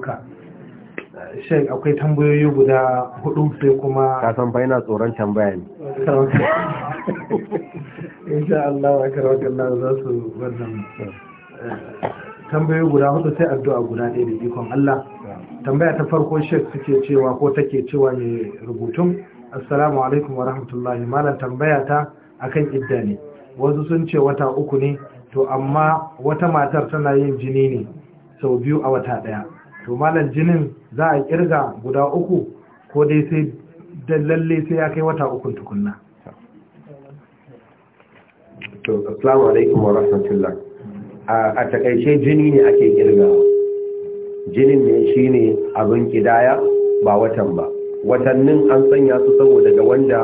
duka shan akwai tambayoyi guda hudu sai kuma kasan fa tsoron tambaya ne insha Allah wa karatu Allah za su wannan eh, tambayoyi guda hudu sai addu'a guda ɗaya da ikon Allah tambaya ta farko shek suke cewa ko take cewa ne rubutun assalamu alaikum wa rahmatullahi malam tambaya ta akan idda ne wasu sun ce wata uku ne to amma wata matar tana yin jini ne sau biyu a wata ɗaya to malam jinin za a kirga guda uku ko dai sai da lalle sai ya kai wata uku tukunna to assalamu alaikum wa rahmatullah a takaice jini ne ake kirga jinin ne shine abin kidaya ba watan ba watannin an sanya su saboda ga wanda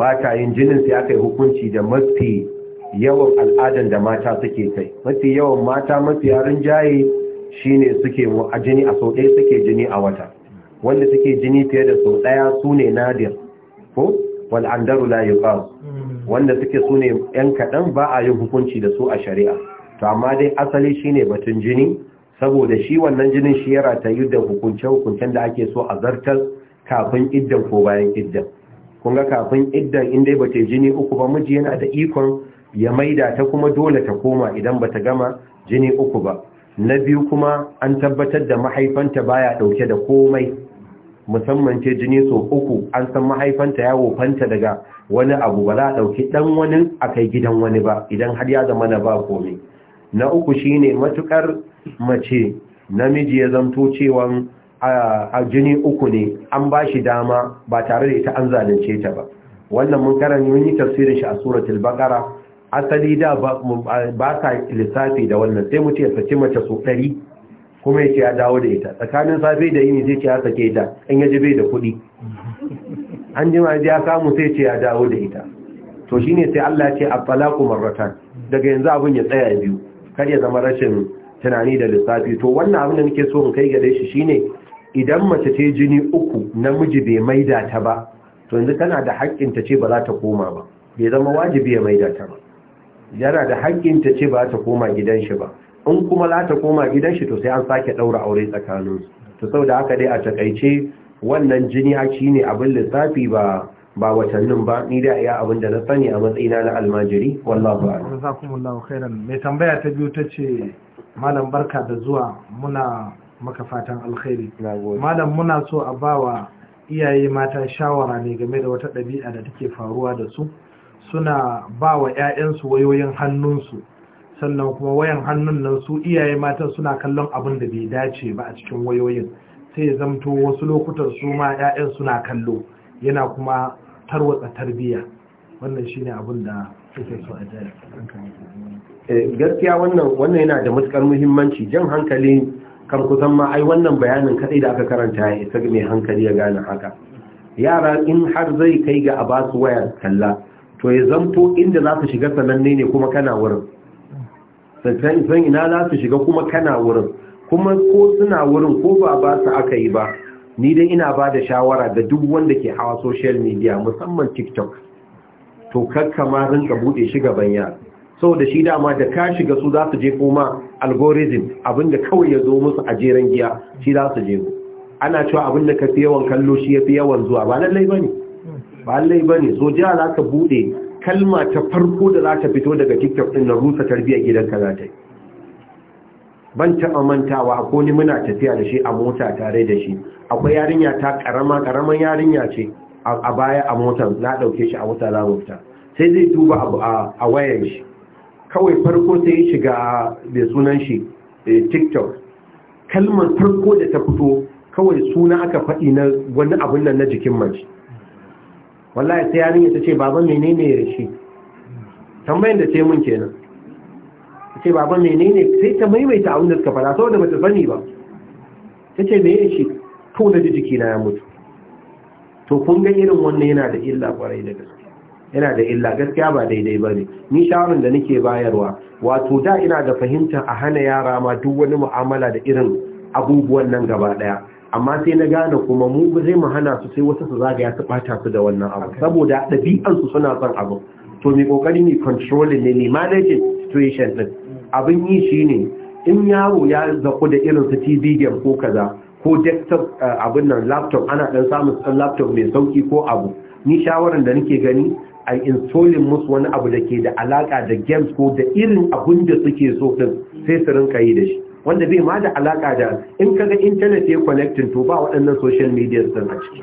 ba ta yin jinin sai aka yi hukunci da mafi yawan al'adan da mata suke kai mafi yawan mata mafi yarin jaye Shi ne suke jini a sau ɗaya suke jini a wata wanda suke jini fiye da sau ɗaya su ne nadir ko wal'andaru la yi mm. wanda suke su ne ‘yan kaɗan ba a yi hukunci da su a shari'a to amma dai asali shi ne batun jini saboda shi wannan jinin shi ya ratayu da hukunce-hukuncen da ake so a zartar kafin iddan ko bayan iddan kunga kafin iddan inda ba ta jini uku ba miji yana da ikon ya maida ta kuma dole ta koma idan ba ta gama jini uku ba na biyu kuma an tabbatar da mahaifanta baya dauke da komai musamman ce jini so uku an san mahaifanta ya wofanta daga wani abu ba za a dauki dan wani a kai gidan wani ba idan har ya zama na ba komai na uku shine matukar mace namiji ya zamto cewa a jini uku ne an ba shi dama ba tare da ita an zalunce ta ba wannan mun karanta yi tafsirin shi a suratul baqara asali da ba sa lissafi da wannan sai mutu ya saki mace so ɗari kuma ya ce ya dawo da ita tsakanin safe da yini zai ce ya sake ta ɗan ya jibe da kuɗi an jima ya samu sai ce ya dawo da ita to shine sai Allah ce a falaku marratan daga yanzu abin ya tsaya biyu kar ya zama rashin tunani da lissafi to wannan abin da nake so in kai gare shi shine idan mace ce jini uku namiji bai maida ta ba to yanzu tana da haƙƙin ta ce ba za ta koma ba bai zama wajibi ya maida ta ba yana da hakkin ta ce ba ta koma gidan shi ba in kuma za ta koma gidan shi to sai an sake ɗaura aure tsakanin to saboda haka dai a takaice wannan jini shi ne abin lissafi ba ba watannin ba ni da iya abin da na sani a matsayina na almajiri wallahu a'lam jazakumullahu khairan mai tambaya ta biyu tace malam barka da zuwa muna maka fatan alkhairi malam muna so a bawa iyaye mata shawara ne game da wata ɗabi'a da take faruwa da su suna ba wa 'ya'yansu wayoyin hannunsu sannan kuma wayan hannun nan su iyaye matan suna kallon abin da bai dace ba a cikin wayoyin sai zamto wasu lokutan su ma 'ya'yan suna kallo yana kuma tarwatsa tarbiyya wannan shine abin da suke so a jaya eh, gaskiya wannan wannan yana da matukar muhimmanci jan hankali kan kusan ma ai wannan bayanin kadai da aka karanta ya isa mai hankali ya gane haka yara in har zai kai ga a basu wayar kalla to ya zanto inda za su shiga sananne ne kuma kana wurin san ina za su shiga kuma kana wurin kuma ko suna wurin ko ba ba su aka yi ba ni dan ina ba da shawara da duk wanda ke hawa social media musamman tiktok to ma rinka bude shi gaban yara saboda shi dama da ka shiga su za su je kuma algorithm abinda kawai ya zo musu a jeren giya shi za su je ana cewa abinda ka fi yawan kallo shi ya fi yawan zuwa ba lallai ba ne ba bane zo jira za ka bude kalma ta farko da za ta fito daga tiktok din na rusa tarbiyyar gidanka za ta yi ban taɓa mantawa ko ni muna tafiya da shi a mota tare da shi akwai yarinya ta karama karaman yarinya ce a baya a motar na ɗauke shi a wata fita sai zai duba a wayan shi kawai farko sai shiga da sunan shi eh, tiktok kalmar farko da ta fito kawai suna aka faɗi na wani abun nan na jikin mace wallahi sai yarinya ta ce baba menene ya shi tambayin da ce mun kenan ta ce baba menene sai ta maimaita abin da suka fara saboda bata sani ba ta ce me ya shi to na ji jikina ya mutu to kun ga irin wannan yana da illa kwarai da gaske yana da illa gaskiya ba daidai ba ne ni shawarar da nake bayarwa wato da ina da fahimtar a hana yara ma duk wani mu'amala da irin abubuwan nan gaba daya amma sai na gane kuma mu zai mu hana su sai wasu su zagaya su bata su da wannan abu saboda dabi'an su suna son abu to mai kokari ne controlling ne ne managing situation din abin yi shine in yaro ya zaku da irin su TV game ko kaza ko desktop eh, abin nan laptop ana dan samun san laptop mai sauki ko abu ni shawaran da nake gani a installing musu wani abu da ke da alaka da games ko da irin abin da suke so din sai su rinka yi da shi wanda bai ma da alaka da in kaga intanet ya connecting to ba waɗannan social media din a ciki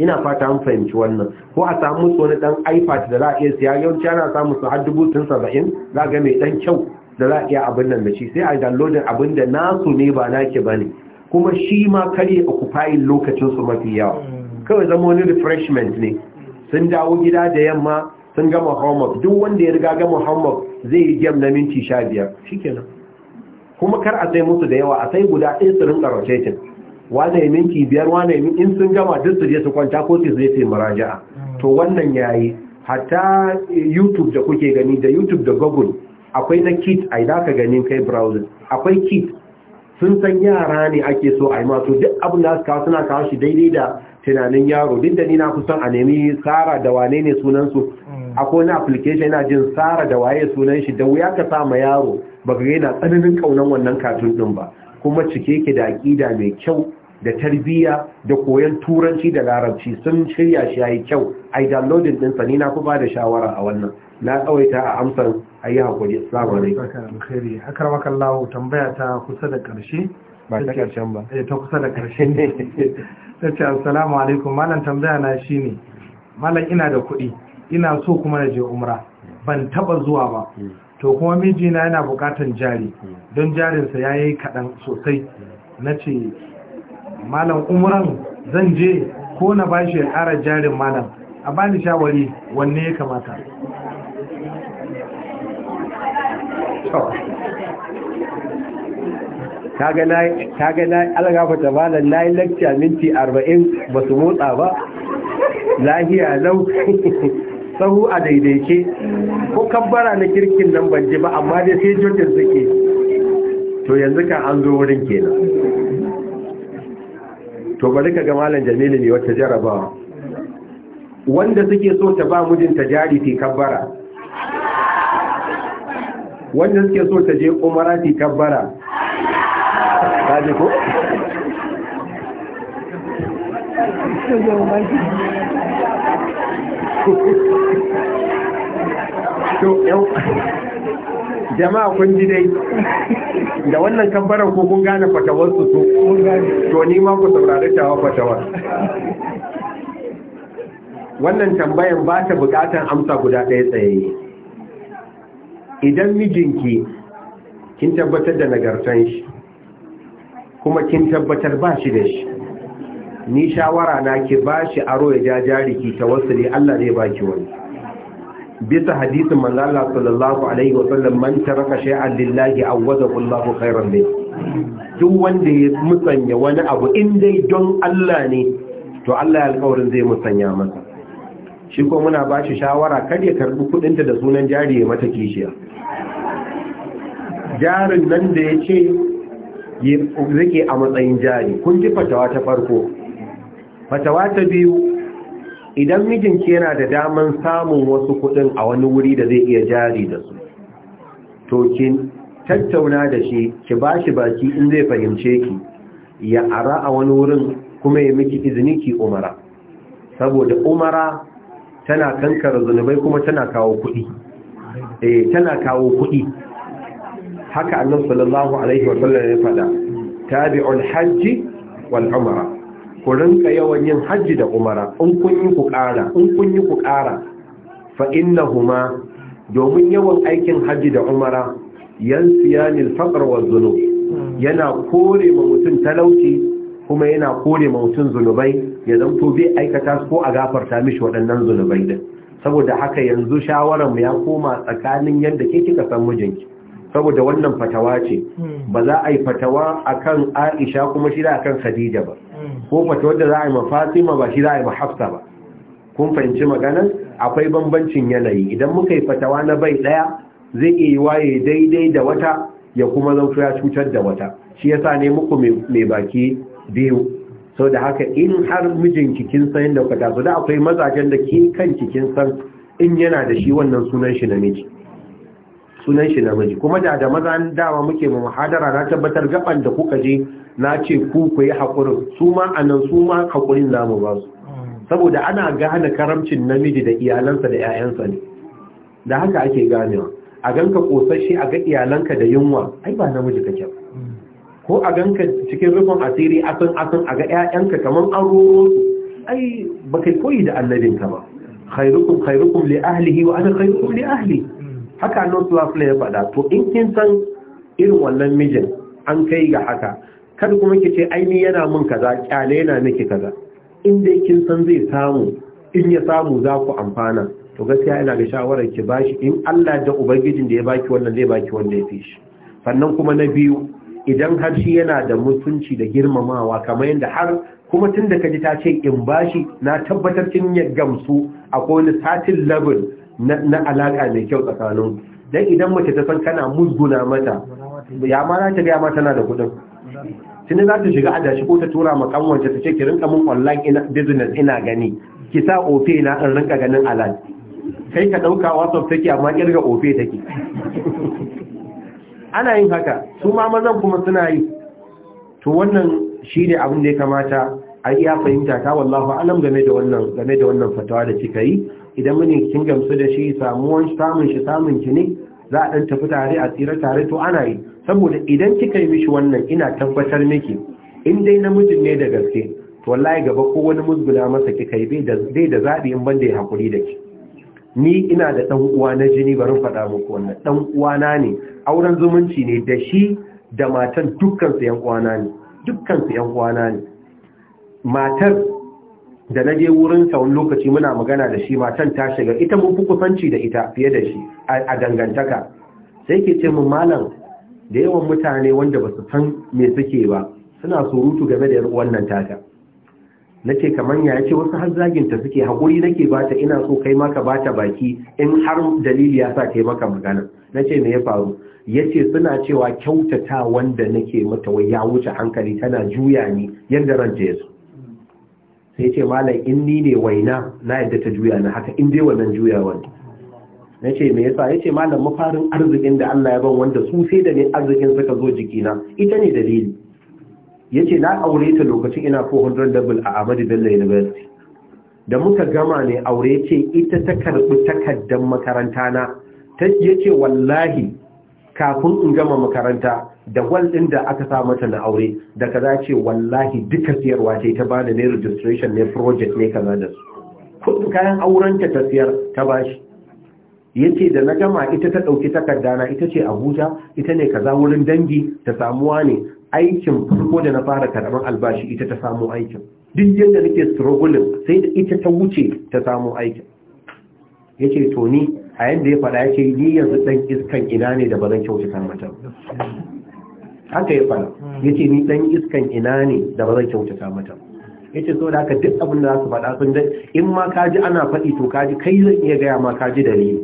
ina fata an fahimci wannan ko a samu su wani dan ipad da za a iya siya yawanci ana samu su har dubu sun saba'in za ga mai ɗan kyau da za a iya abin nan da shi sai a downloading abin da nasu ne ba ke ba ne kuma shi ma karye occupying lokacin su mafi yawa kawai zama wani refreshment ne sun dawo gida da yamma sun gama homework duk wanda ya riga gama homework zai yi game na minti sha biyar shikenan kuma kar a sai musu da yawa a sai guda ɗaya su rinka rotating wane ya minti biyar wane in sun gama duk su je su kwanta ko su zai su maraja'a to wannan yayi hatta youtube da kuke gani da youtube da google akwai na kit a yi ka gani kai browsing akwai kit sun san yara ne ake so a yi masu duk abin da suka suna kawo shi daidai da tunanin yaro duk da ni na kusan a nemi tsara da wane ne sunansu mm. akwai wani application yana jin tsara da waye sunan shi da wuya ka sa ma yaro baka ga yana tsananin kaunan wannan katun ɗin ba kuma cike yake da aƙida mai kyau da tarbiyya da koyon turanci da larabci sun shirya shi ya yi kyau ai downloading ɗin sa na kuma da shawara a wannan na tsawaita a amsar ayi hakuri assalamu alaikum alkhairi akar makallahu tambaya ta kusa da ƙarshe. ba ta ƙarshen ba eh ta kusa da ƙarshe ne tace assalamu alaikum malam tambaya na ne malam ina da kuɗi ina so kuma na je umra ban taɓa zuwa ba hmm. to kuma mijina yana bukatan jari don jarinsa ya yi kaɗan sosai na ce malam umaran zan je ko na ba shi ya ƙara jarin malam a ba ni shawari wanne ya kamata ga na algafa ta da na yi lakciya minti arba'in ba su motsa ba lahiya lau sahu a daidaice ko kabbara na kirkin nan ban ji ba amma dai sai jirgin suke to yanzu kan an zo wurin kenan to bari ka ga malam jamilu ne wata jarabawa wanda suke so ta ba mijinta jari fi kabbara wanda suke so ta je umara fi kabbara ko? Thank you. to jama'a kun ji dai da wannan kabbarar ko kun gane fatawar su to to ni ma ku saurari tawa fatawar wannan tambayar ba ta bukatar amsa guda ɗaya tsaye idan mijinki kin tabbatar da nagartan shi kuma kin tabbatar ba shi da shi ni shawara na ki ba shi aro ya ja jariki ta wasu ne Allah zai ba ki wani bisa hadisin manzo Allah sallallahu alaihi wa man taraka shay'an lillahi awadahu Allahu khairan duk wanda ya musanya wani abu in dai don Allah ne to Allah ya alƙawarin zai musanya masa shi ko muna ba shi shawara kar ya karbi ta da sunan jari ya mata kishiya jarin nan da ya ce rike a matsayin jari kun ji fatawa ta farko fatawa ta biyu idan mijinki yana da daman samun wasu kuɗin a wani wuri da zai iya jari da su to ki tattauna da shi ki bashi baki in zai fahimce ki ya ara a wani wurin kuma ya miki izini ki umara saboda umara tana kankara zunubai kuma tana kawo kuɗi eh tana kawo kuɗi haka annabi sallallahu alaihi wa sallam ya faɗa tabi'ul hajji wal umara ku rinka yawan yin hajji da umara in kun yi ku ƙara in kun yi ku ƙara fa innahuma domin yawan aikin hajji da umara yan faqr wa zunub yana kore ma mutum talauci kuma yana kore ma mutum zunubai ya zanto bai aikata ko a gafarta mishi waɗannan zunubai din saboda haka yanzu shawarar mu ya koma tsakanin yadda ke kika san mijinki saboda wannan fatawa ce hmm. ba za a yi fatawa akan Aisha kuma shi da akan Khadija ba ko fata wadda za a yi ma fatima ba shi za a yi ma hafsa ba kun fahimci maganar akwai bambancin yanayi idan muka yi fatawa na bai daya zai iya waye daidai da wata ya kuma zautu ya cutar da wata shi yasa ne muku mai baki biyu sau da haka in har mijin kikin san yadda kwata taso da akwai mazajen da ke kan kikin san in yana da shi wannan sunan shi na namiji sunan shi namiji kuma da da maza an dawa muke mu muhadara na tabbatar gaban da kuka je na ce ku ku yi hakurin su ma anan su ma hakurin namu ba su saboda ana gane karamcin namiji da iyalansa da ƴaƴansa ne da haka ake ganewa a ganka kosashe a ga iyalanka da yunwa ai ba namiji kake ba ko a ganka cikin rufin asiri asan asan a ga ƴaƴanka kaman an roro su ai baka koyi da annabinka ba khairukum khairukum li ahlihi wa ana khairukum li ahli haka annon sulasula ya faɗa to in kin san irin wannan mijin an kai ga haka kada kuma ki ce aini yana min kaza kyale yana miki kaza in dai kin san zai samu in ya samu za ku amfana to gaskiya ina ga shawarar ki bashi in Allah da ubangijin da ya baki wannan zai baki wanda ya fi shi sannan kuma na biyu idan har shi yana da mutunci da girmamawa kamar yadda har kuma tun da kaji ta ce in bashi na tabbatar kin ya gamsu akwai wani satin level na alaka mai kyau tsakanin dan idan mace ta san kana musguna mata ya ma za ta gaya ma tana da kudin tuni za ta shiga adashi ko ta tura ma kanwance ta ce ki rinka mun online business ina gani ki sa ofe na in rinka ganin alal kai ka dauka whatsapp take amma kirga ofe take ana yin haka su ma mazan kuma suna yi to wannan shine abin da ya kamata a iya fahimta ta wallahu alam game da wannan game da wannan fatawa da kika yi idan mune kin gamsu da shi samuwan samun shi samun ki ne za a ɗan tafi tare a tsira tare to ana yi saboda idan kika yi mishi wannan ina tabbatar miki in dai namijin ne da gaske to wallahi gaba ko wani musgula masa kika yi bai da zaɓi da zabi in banda ya hakuri da ki ni ina da dan uwa na jini bari faɗa muku wannan dan uwa na ne auren zumunci ne da shi da matan dukkan su yan uwa ne dukkan su yan uwa na ne matar da na je wurin sa wani lokaci muna magana da shi matan ta shiga ita mun fi kusanci da ita fiye da shi a dangantaka sai ke ce mun malam da yawan mutane wanda ba su san me suke ba suna surutu game da wannan tata na ce kamar ya ce wasu har zaginta suke Hakuri nake bata ina so kai maka bata baki in har dalili ya sa kai maka magana na ce me ya faru Yace suna cewa kyautata wanda nake mata wai ya wuce hankali tana juya ni yadda ranta ya sai ce malam in ni ne waina na yadda ta juya na haka inda yi wannan juyawan na ce mai yasa ya ce malam mafarin arzikin da Allah ya ban wanda su sai da ne arzikin suka zo jikina ita ne dalili ya ce na aure ta lokacin ina 400 double a Ahmadu Bello University da muka gama ne aure ce ita ta karbi takardar makaranta na ta ce wallahi kafin in gama makaranta da gwal ɗin da aka sa mata na aure da kaza ce wallahi duka siyarwa ce ta bada ne registration ne project ne kaza da su kudin kayan auren ta siyar ta bashi yace da na gama ita ta dauki takarda na ita ce Abuja ita ne kaza wurin dangi ta samuwa ne aikin farko da na fara karɓar albashi ita ta samu aikin duk yadda nake struggling sai da ita ta wuce ta samu aikin yace to ni a yanda ya faɗa yace ni yanzu dan iskan ina ne da bazan kyautata mata haka ya fara hmm. ce ni dan iskan ina ne da ba zan kyautata mata Ya ce so da haka duk abin da za su faɗa sun dai in ma ka ji ana faɗi to ji kai zai iya gaya ma kaji dalili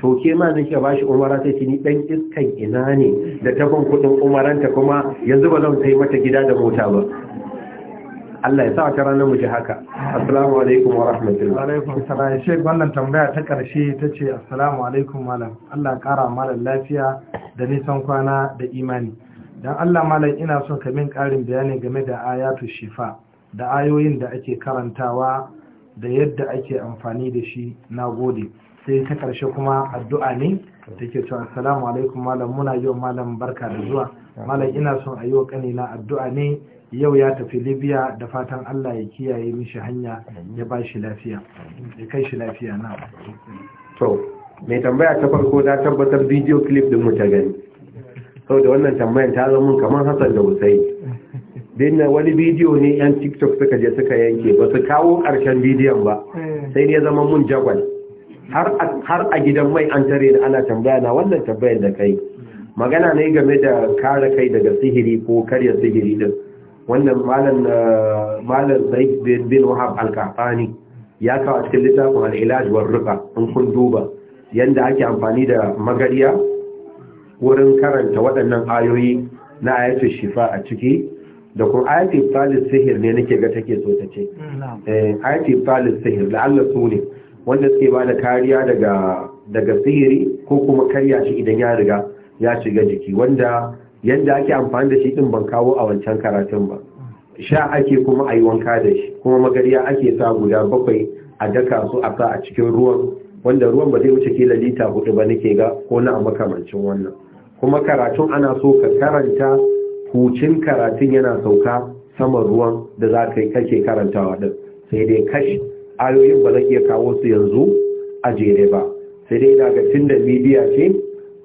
to ke ma zai ke bashi umara sai ce ni dan iskan ina ne da tafin kudin umaranta kuma yanzu ba zan kai mata gida da mota ba Allah ya sa ta ranar mu ji haka assalamu alaikum wa rahmatullahi wa alaikum salam shek wannan tambaya ta karshe ta ce assalamu alaikum malam Allah kara malam lafiya da nisan kwana da imani don allah malam ina son ka min karin bayani game da ayatu shifa da ayoyin da ake karantawa da yadda ake amfani da shi na gode sai ta karshe kuma addu'a ne da ke cewa assalamu alaikum malam muna yau malam barka da zuwa malam ina son a yi wa ƙanina addu'a ne yau ya tafi libiya da fatan allah ya kiyaye mishi hanya ya ba shi lafiya ya kai shi lafiya na to mai tambaya ta farko na tabbatar bidiyo clip din mu ta gani da wannan tambayan ta zama kamar Hassan da din na wani bidiyo ne yan TikTok suka je suka yanke ba su kawo karshen bidiyon ba eh. sai ne zama mun jagwal har a gidan mai an tare da ana tambaya na wannan tambayan da kai magana ne game da kare kai daga sihiri ko karya sihiri din wannan malam malam Zaid Wahab al-Qahtani ya kawo cikin littafin al-Ilaj war Ruqa in kun duba yanda ake amfani da magariya wurin karanta waɗannan ayoyi na ayatul shifa a ciki da kuma ayatul falis sihir ne nake ga take so ta ce eh, ayatul falis sihir Allah su ne wanda suke ba da kariya daga daga sihiri ko kuma karya shi idan ya riga ya shiga jiki wanda yadda ake amfani da shi din ban kawo a wancan karatun ba sha ake kuma a yi wanka da shi kuma magariya ake sa guda bakwai a daka su a sa a cikin ruwan wanda ruwan ba zai wuce kila lita hudu ba nake ga ko na a makamancin wannan kuma karatun ana so ka karanta hucin karatun yana sauka saman ruwan da za ka kake karantawa din sai dai kashi ayoyin ba zan iya kawo su yanzu a jere ba sai dai ina ga tun da ce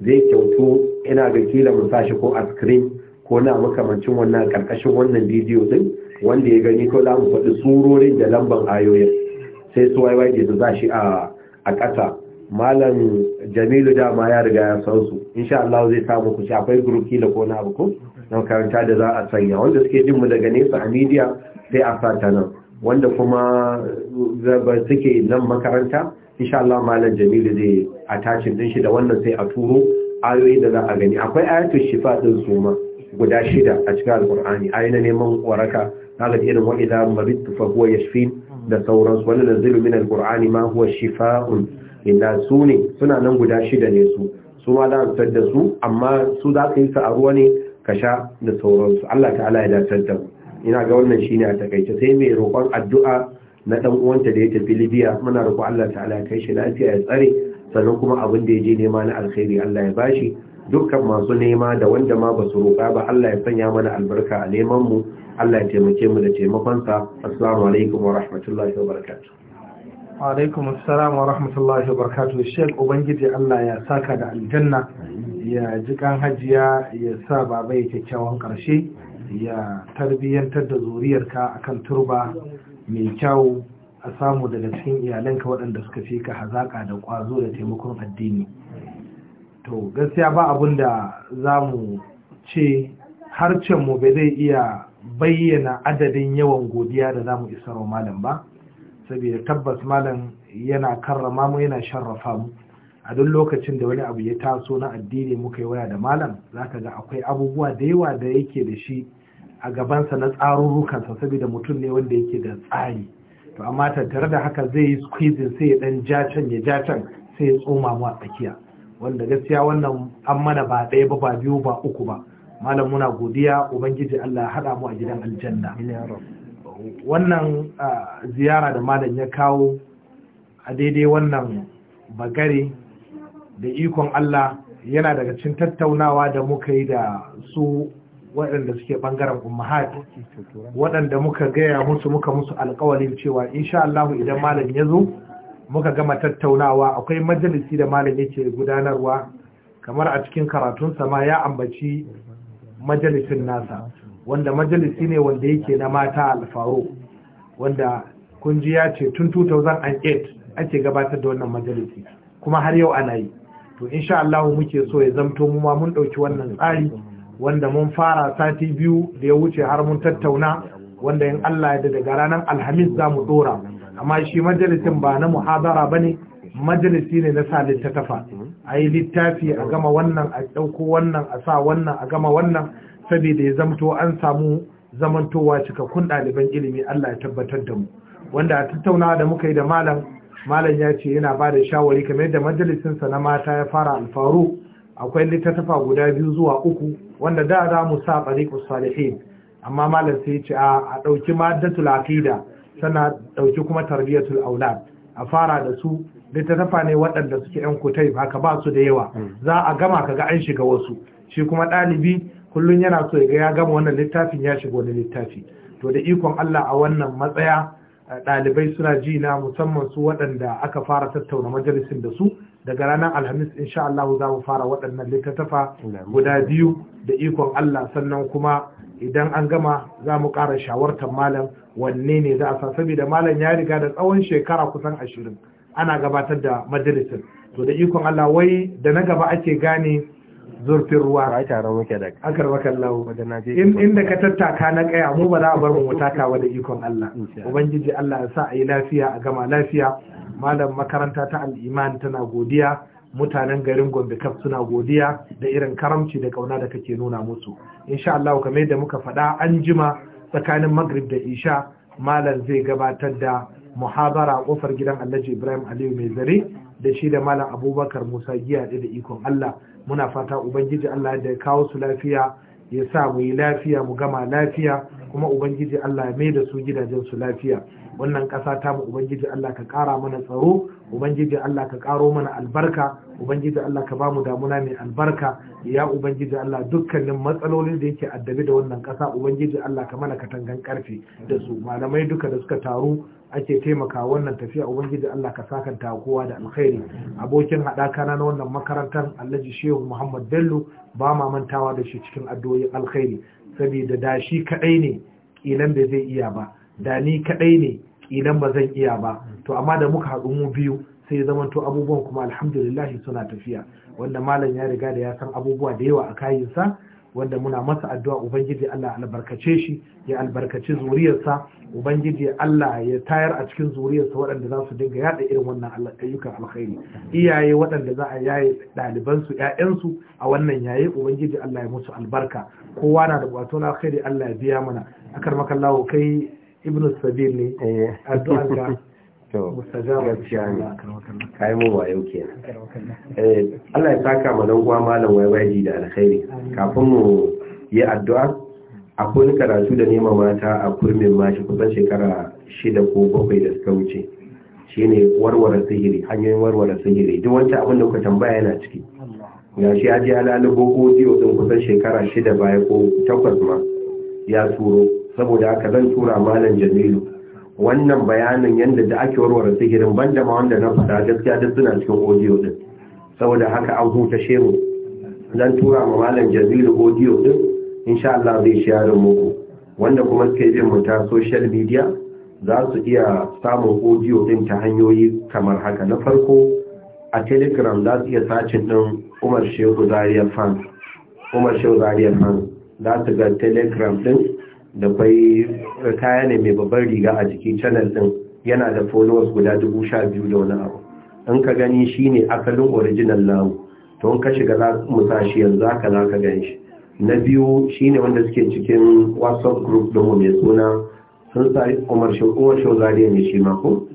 zai kyautu ina ga kila mun sa shi ko a screen ko na makamancin wannan karkashin wannan bidiyo din wanda ya gani ko za faɗi surorin da lamban ayoyin sai su waiwai da za shi a ƙasa malam jamilu dama ya riga ya san su insha Allah zai samu ku akwai group da ko na abu na karanta da za a sanya wanda suke jin mu daga nesa a media sai a sata nan wanda kuma zaba suke nan makaranta insha Allah malam jamilu zai attachin din shi da wannan sai a turo ayoyi da za a gani akwai ayatul shifa din su ma guda shida a cikin alkur'ani ayi na neman waraka kaga irin wa idan maridtu fa huwa yashfin da sauransu wannan nazilu min alqur'ani ma huwa shifa'un inda su ne suna nan guda shida ne su su ma da fitar da su amma su za yi su a ruwa ne ka sha da sauransu Allah ta'ala ya dace da ina ga wannan shine a takaice sai mai roƙon addu'a na dan uwanta da ya tafi Libya muna roƙo Allah ta'ala ya kai shi lafiya ya tsare sannan kuma abin da ya je nema na alkhairi Allah ya bashi dukkan masu nema da wanda ma ba su roƙa ba Allah ya sanya mana albarka a neman mu Allah ya taimake mu da taimakonsa assalamu alaikum wa rahmatullahi wa barakatuh alaikum assalam wa rahmatullahi wa barakatuhu sheik ubangiji Allah ya saka da aljanna ya ji kan hajiya ya sa baba ya kyakkyawan karshe ya tarbiyyantar da zuriyarka akan turba mai kyau a samu daga cikin iyalanka waɗanda suka fi ka hazaƙa da ƙwazo da taimakon addini to gaskiya ba abin da za mu ce mu bai zai iya bayyana adadin yawan godiya da za mu isa malam ba saboda tabbas malam yana karrama mu yana sharrafa mu a duk lokacin da wani abu ya taso na addini muka yi waya da malam zaka ga akwai abubuwa da yawa da yake da shi a gabansa na tsarurrukansa saboda mutum ne wanda yake da tsari to amma tattare da haka zai yi squeezing sai ya dan jacan ya jacan sai ya tsoma mu a tsakiya wanda gaskiya wannan an mana ba ɗaya ba ba biyu ba uku ba malam muna godiya ubangiji Allah ya haɗa mu a gidan aljanna wannan ziyara da malam ya kawo a daidai wannan bagare da ikon Allah yana daga cin tattaunawa da muka yi da su waɗanda suke ɓangaren umar waɗanda muka gaya musu muka musu alƙawalin cewa insha Allah idan malam ya zo muka gama tattaunawa akwai majalisi da malam yake gudanarwa kamar a cikin karatunsa ma ya ambaci majalisin nasa wanda majalisi ne wanda yake na mata alfaro wanda kunji ya ce tun 2008 ake gabatar da wannan majalisi kuma har yau ana yi to insha Allah muke so ya zamto mu ma mun dauki wannan tsari wanda mun fara sati biyu da ya wuce har mun tattauna wanda in Allah ya daga ranar alhamis za mu dora amma shi majalisin ba na muhadara ba ne majalisi ne na sa littattafa a yi littafi a gama wannan a ɗauko wannan a sa wannan a gama wannan saboda ya zamto an samu zamantowa cikakkun ɗaliban ilimi Allah ya tabbatar da mu wanda a tattaunawa da muka yi da malam malam ya ce yana ba da shawari kamar yadda majalisinsa na mata ya fara alfaru akwai littattafa guda biyu zuwa uku wanda da za mu sa tsariƙus salihin amma malam sai ce a ɗauki maddatul aqida sana ɗauki kuma tarbiyyatul aulad a fara da su littattafa ne waɗanda suke yan kutai haka ba su da yawa mm. za a gama kaga an shiga wasu shi kuma ɗalibi kullum yana so ya ya gama wannan littafin ya shiga wani littafi to da ikon Allah a wannan matsaya ɗalibai suna ji na musamman su waɗanda aka fara tattauna majalisin da su daga ranar alhamis insha Allah za mu fara waɗannan littattafa guda biyu da ikon Allah sannan kuma idan an gama za mu ƙara shawartar malam wanne ne za a sa saboda malam ya riga da tsawon shekara kusan ashirin ana gabatar da majalisin to da ikon Allah wai da na gaba ake gane zurfin ruwa a taron muke da akar maka Allah in inda ka tattaka na kaya mu ba za a bar mu takawa da ikon Allah ubangiji Allah ya sa a yi lafiya a gama lafiya malam makaranta ta al'iman tana godiya mutanen garin Gombe Kaf suna godiya da irin karamci da kauna da kake nuna musu insha Allah kamar da muka faɗa an jima tsakanin Maghrib da Isha malam zai gabatar da muhabara kofar gidan Alhaji Ibrahim Aliyu Mai Zare da shi da malam Abubakar Musa Giya da ikon Allah muna fata ubangiji Allah da ya kawo su lafiya ya sa mu yi lafiya mu gama lafiya kuma ubangiji Allah ya mai da su gidajen su lafiya wannan ƙasa ta mu ubangiji Allah ka ƙara mana tsaro ubangiji Allah ka ƙaro mana albarka ubangiji Allah ka bamu damuna mai albarka ya ubangiji Allah dukkanin matsalolin da yake addabi da wannan ƙasa ubangiji Allah ka mana katangan karfe da su malamai duka da suka taru ake taimaka wannan tafiya ubangiji Allah ka sakanta kowa da alkhairi abokin haɗaka na wannan makarantar Alhaji Shehu Muhammad Bello ba ma mantawa da shi cikin addu'o'in alkhairi saboda da shi kaɗai ne ƙilan bai zai iya ba da ni kaɗai ne ƙinan ba zan iya ba to amma da muka haɗu mu biyu sai zamanto abubuwan kuma alhamdulillah suna tafiya wanda malam ya riga da ya san abubuwa da yawa a kayinsa wanda muna masa addu'a ubangiji Allah albarkace shi ya albarkaci zuriyarsa ubangiji Allah ya tayar a cikin zuriyarsa waɗanda za su dinga yada irin wannan ayyukan alkhairi iyaye waɗanda za a yaye ɗaliban su ƴaƴan su a wannan yayin ubangiji Allah ya musu albarka kowa na da buƙatun alkhairi Allah ya biya mana akar kai ibnu sabil ne eh. addu'a to gaskiya ne mu wayo kenan eh Allah ya saka mu dan uwa malam Waiwaiji da alkhairi kafin mu yi addu'a akwai karatu da nema mata a kurmin mashi kusan shekara shida ko bakwai da suka wuce shine warware sihiri hanyoyin warware sihiri duk wancan abin da kuka tambaya yana ciki ga shi aji alalubo ko jiyo din kusan shekara shida baya ko takwas ma ya turo saboda haka zan tura malam jamilu wannan bayanin yadda da ake warware sihirin banda ma wanda na fada gaskiya duk suna cikin audio din saboda haka an huta shehu zan tura ma malam jazilu audio din insha Allah zai share muku wanda kuma suke jin mu ta social media za su iya samun audio din ta hanyoyi kamar haka na farko a telegram za su iya sacin din Umar Shehu zariyar Fan Fan za su ga telegram din da kwai kaya ne mai babbar riga a jiki channel din yana da followers guda dubu sha biyu da wani abu in ka gani shi ne asalin original namu to in ka shiga za mu shi yanzu haka za ka gan shi na biyu shi ne wanda suke cikin whatsapp group mu mai suna sun sa umar shehu zariya ne shi mako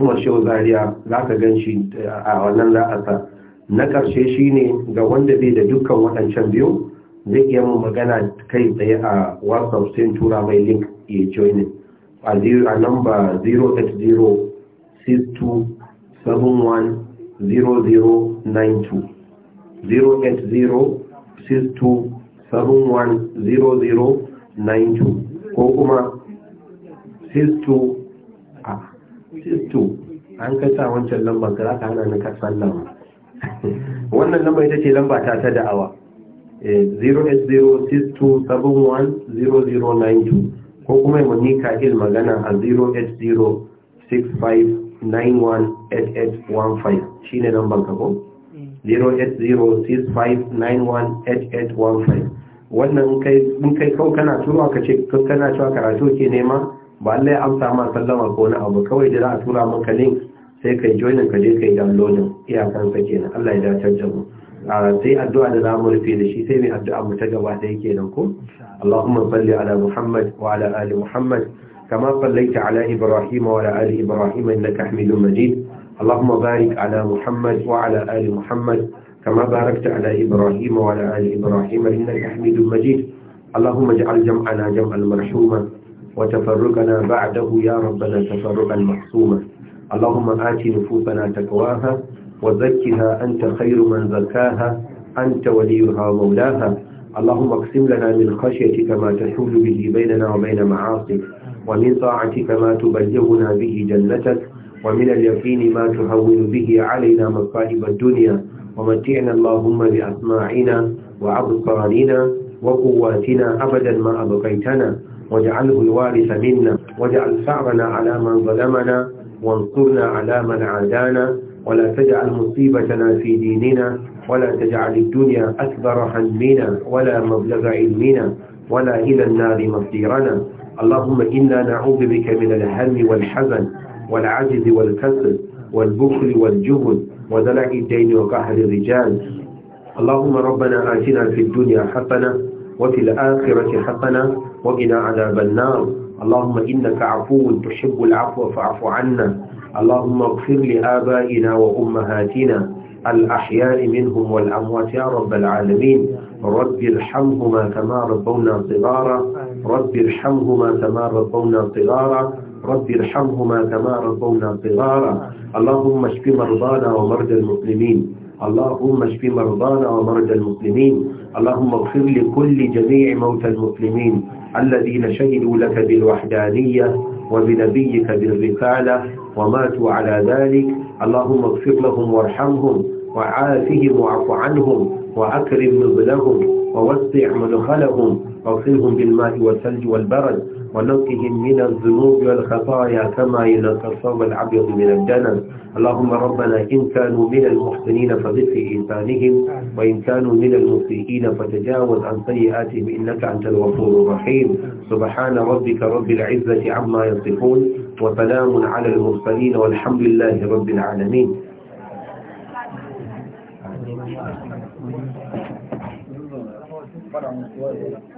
umar shehu zariya za ka gan shi eh, a wannan za a sa na ƙarshe shi ne ga wanda bai da dukkan waɗancan biyu zai iya mu magana kai tsaye a whatsapp sun tura mai link ya joinin a namba 08062710092 08062710092 ko kuma 62 a 62 an kasa wancan lamba ka za ka hana na kasan lamba wannan lamba ita ce lamba ta ta da'awa 08062710092 eh, ko kuma yi monika il magana a 08065918815 shine ne don banka ko 08065918815 mm. wannan in kai kawai kana turo ka ce kana cewa karatu ke nema ba ya amsa ma sallama ko wani abu kawai da za a tura maka link sai kai joinin ka je kai downloading iyakansa kenan Allah ya dace da mu sai addu'a da zamu rufe da shi sai mai addu'a mu ta gaba da yake nan ko Allahumma salli ala Muhammad wa ala ali Muhammad kama sallaita ala Ibrahim wa ala ali Ibrahim innaka Hamidum Majid Allahumma barik ala Muhammad wa ala ali Muhammad kama barakta ala Ibrahim wa ala ali Ibrahim innaka Hamidum Majid اللهم اجعل جمعنا جمعا مرحوما وتفرقنا بعده يا ربنا تفرقا محصوما اللهم آت نفوسنا تقواها وزكها أنت خير من زكاها أنت وليها مولاها اللهم اقسم لنا من خشيتك ما تحول به بيننا وبين معاصيك ومن طاعتك ما تبلغنا به جنتك ومن اليقين ما تهون به علينا مصائب الدنيا ومتعنا اللهم بأسماعنا وأبصارنا وقواتنا أبدا ما أبقيتنا واجعله الوارث منا واجعل ثأرنا على من ظلمنا وانصرنا على من عادانا ولا تجعل مصيبتنا في ديننا ولا تجعل الدنيا أكبر همنا ولا مبلغ علمنا ولا إلى النار مصيرنا اللهم إنا نعوذ بك من الهم والحزن والعجز والكسل والبخل والجبن ودلع الدين وقهر الرجال اللهم ربنا آتنا في الدنيا حقنا وفي الآخرة حقنا وقنا عذاب النار اللهم إنك عفو تحب العفو فاعف عنا اللهم اغفر لآبائنا وأمهاتنا الأحياء منهم والأموات يا رب العالمين رب ارحمهما كما ربونا صغارا رب ارحمهما كما ربونا صغارا رب ارحمهما كما ربونا صغارا اللهم اشف مرضانا ومرضى المسلمين اللهم اشف مرضانا ومرضى المسلمين اللهم اغفر لكل جميع موتى المسلمين الذين شهدوا لك بالوحدانية وبنبيك بالرسالة وماتوا على ذلك اللهم اغفر لهم وارحمهم وعافهم واعف عنهم وأكرم نزلهم ووسع مدخلهم واغسلهم بالماء والثلج والبرد ونقهم من الذنوب والخطايا كما ينقى الثوب الأبيض من الدنس اللهم ربنا إن كانوا من المحسنين فضف في إنسانهم وإن كانوا من المسيئين فتجاوز عن سيئاتهم إنك أنت الغفور الرحيم سبحان ربك رب العزة عما يصفون وسلام على المرسلين والحمد لله رب العالمين Thank you.